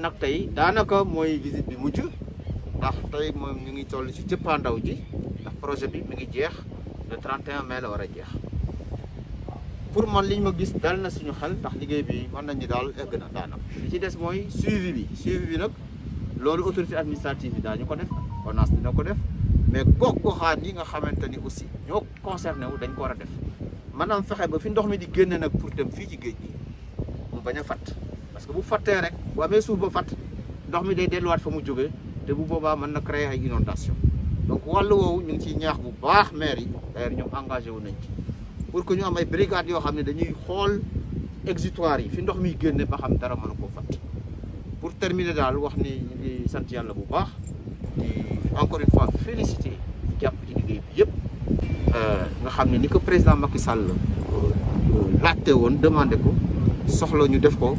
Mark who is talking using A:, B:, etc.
A: nag tey daanaka mooy visite bi mujj ndax tey moom mu ngi toll ci cëppaandaw ji ndax projet bi mi ngi jeex le 31 mais la war a jeex pour man liñ ma gis dal na suñu xel ndax liggéey bi mën nañu daal egg na daanaka ci des mooy suivi bi suivi bi nag loolu autorité administrative bi daal ñu ko def ONAS dina ko def mais gox xaar yi nga xamante ni aussi ñoo concerné wu dañ ko war a def maanaam fexe ba fi ndox mi di génne nag pour dem fii ci géej mu bañ a fàtt parce que bu fattee rek bu amee suuf ba fatt ndox mi day delluwaat fa mu jógee te bu boobaa mën na créer ay inondation donc wàllu woowu ñu ngi ciy ñaax bu baax maire yi d'ailleurs ñoom engagé wu nañ ci pour que ñu am ay brigade yoo xam ne dañuy xool exutoire yi fi ndox miy génne ba xam dara mën a koo fatt pour terminer daal wax ni ñu ngi sant yàlla bu baax di encore une fois félicité jàpp ci liggéey bi yëpp euh, nga xam ne ni ko président Macky Sall euh, laajte woon demandé ko soxla ñu def ko